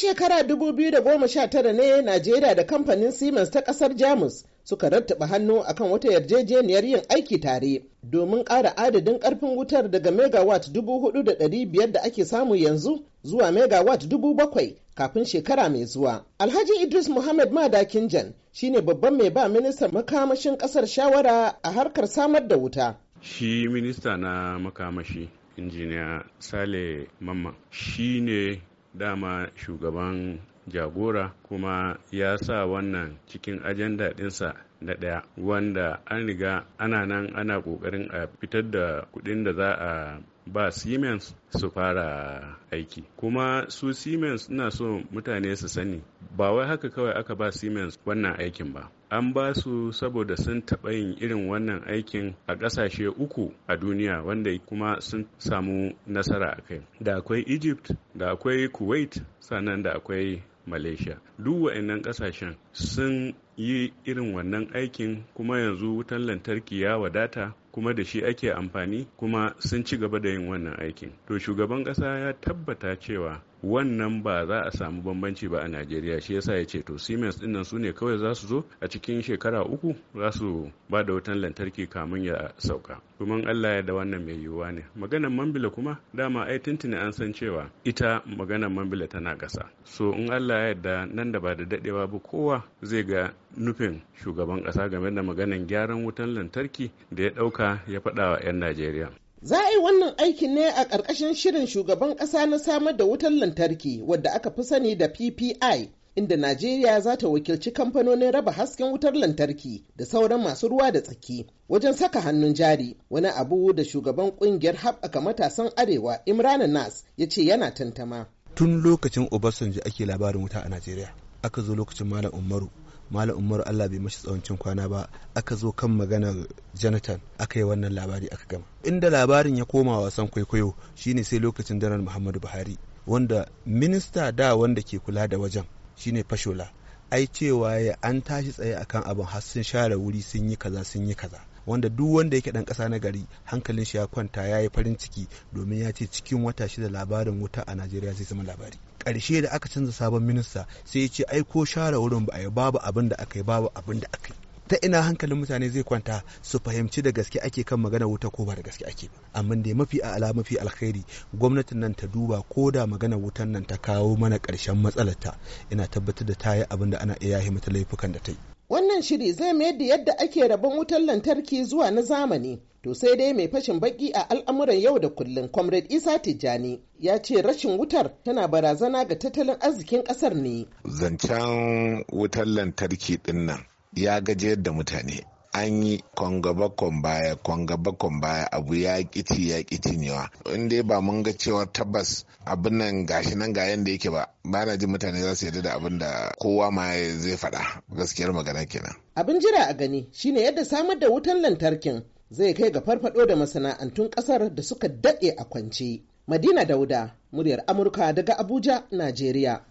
shekara 2019 ne Najeriya da kamfanin Siemens ta kasar Jamus suka rattaba hannu akan wata yarjejeniyar yin aiki tare domin ƙara adadin ƙarfin wutar daga megawatt 4,500 da ake samu yanzu zuwa megawatt 7,000 kafin shekara mai zuwa. Alhaji Idris Muhammad Madakin Jan shine babban mai ba ministan makamashin ƙasar shawara a harkar samar da wuta. Shi minista na makamashi injiniya Sale Mamman shi ne dama shugaban jagora kuma ya sa wannan cikin ajanda ɗinsa na ɗaya wanda an riga ana nan ana ƙoƙarin a fitar da kuɗin da za a ba siemens su fara aiki kuma su siemens ina so mutane su sani ba wai haka kawai aka ba siemens wannan aikin ba an ba su saboda sun taɓa yin irin wannan aikin a ƙasashe uku a duniya wanda kuma sun samu nasara a kai da akwai egypt da akwai kuwait sannan da akwai malaysia duk wa'annan ƙasashen sun yi irin wannan aikin kuma yanzu wutan lantarki ya wadata kuma da shi ake amfani kuma sun ci gaba da yin wannan aikin to shugaban ƙasa ya tabbata cewa wannan ba za a samu bambanci ba a najeriya shi yasa ya ce to siemens dinnan su ne kawai za su zo a cikin shekara uku za su ba da wutan lantarki kamun ya sauka kuma allah ya da wannan mai yiwuwa ne maganar mambila kuma dama ai tuntuni an san cewa ita maganar mambila tana ƙasa so in allah ya da nan da ba da dadewa ba kowa zai ga nufin shugaban ƙasa game da maganar gyaran wutan lantarki da ya ɗauka ya faɗa wa 'yan Najeriya. Za a yi wannan aikin ne a ƙarƙashin shirin shugaban ƙasa na samar da wutar lantarki wadda aka fi sani da PPI inda Najeriya za ta wakilci kamfanonin raba hasken wutar lantarki da sauran masu ruwa da tsaki wajen saka hannun jari wani abu da shugaban ƙungiyar haɓaka matasan arewa Imrana Nas ya ce yana tantama. Tun lokacin Obasanjo ake labarin wuta a Najeriya aka zo lokacin Malam Umaru malam umaru allah bai mashi tsawancin kwana ba aka zo kan maganar jonathan aka yi wannan labari aka gama inda labarin ya koma wasan kwaikwayo shine sai lokacin daren muhammadu buhari wanda minista da wanda ke kula da wajen shine fashola ai cewa ya an tashi tsaye akan abin har sun share wuri sun yi kaza sun yi kaza wanda duk wanda yake dan kasa na gari hankalin shi ya kwanta ya yi farin ciki domin ya ce cikin wata shida labarin wuta a najeriya zai zama labari Karshe da aka canza sabon minista sai ya ce aiko ko share wurin ba a yi babu abin da aka yi babu abin da aka yi ta ina hankalin mutane zai kwanta su fahimci da gaske ake kan magana wuta ko ba da gaske ake ba amma dai mafi a'ala mafi alkhairi gwamnatin nan ta duba ko da magana wutan nan ta kawo mana ƙarshen matsalarta ina tabbatar da ta yi abin da ana iya yi mata laifukan da ta yi Wannan shiri zai mayar da yadda ake rabon wutar lantarki zuwa na zamani. To sai dai mai fashin baki a al'amuran yau da kullum Comrade Isa Tijjani ya ce rashin wutar tana barazana ga tattalin arzikin ƙasar ne. Zancen wutar lantarki ɗin nan ya gajiyar da mutane. an yi bakon baya bakon baya abu ya kiti ya kiti newa in dai ba mun ga cewa tabbas abin nan gashi nan ga yanda yake ba ba na jin mutane za su yarda da abin da kowa ma zai faɗa gaskiyar magana kenan abin jira a gani shine yadda samar da wutan lantarkin zai kai ga farfado da masana'antun kasar da suka daɗe a kwance madina dauda muryar amurka daga abuja najeriya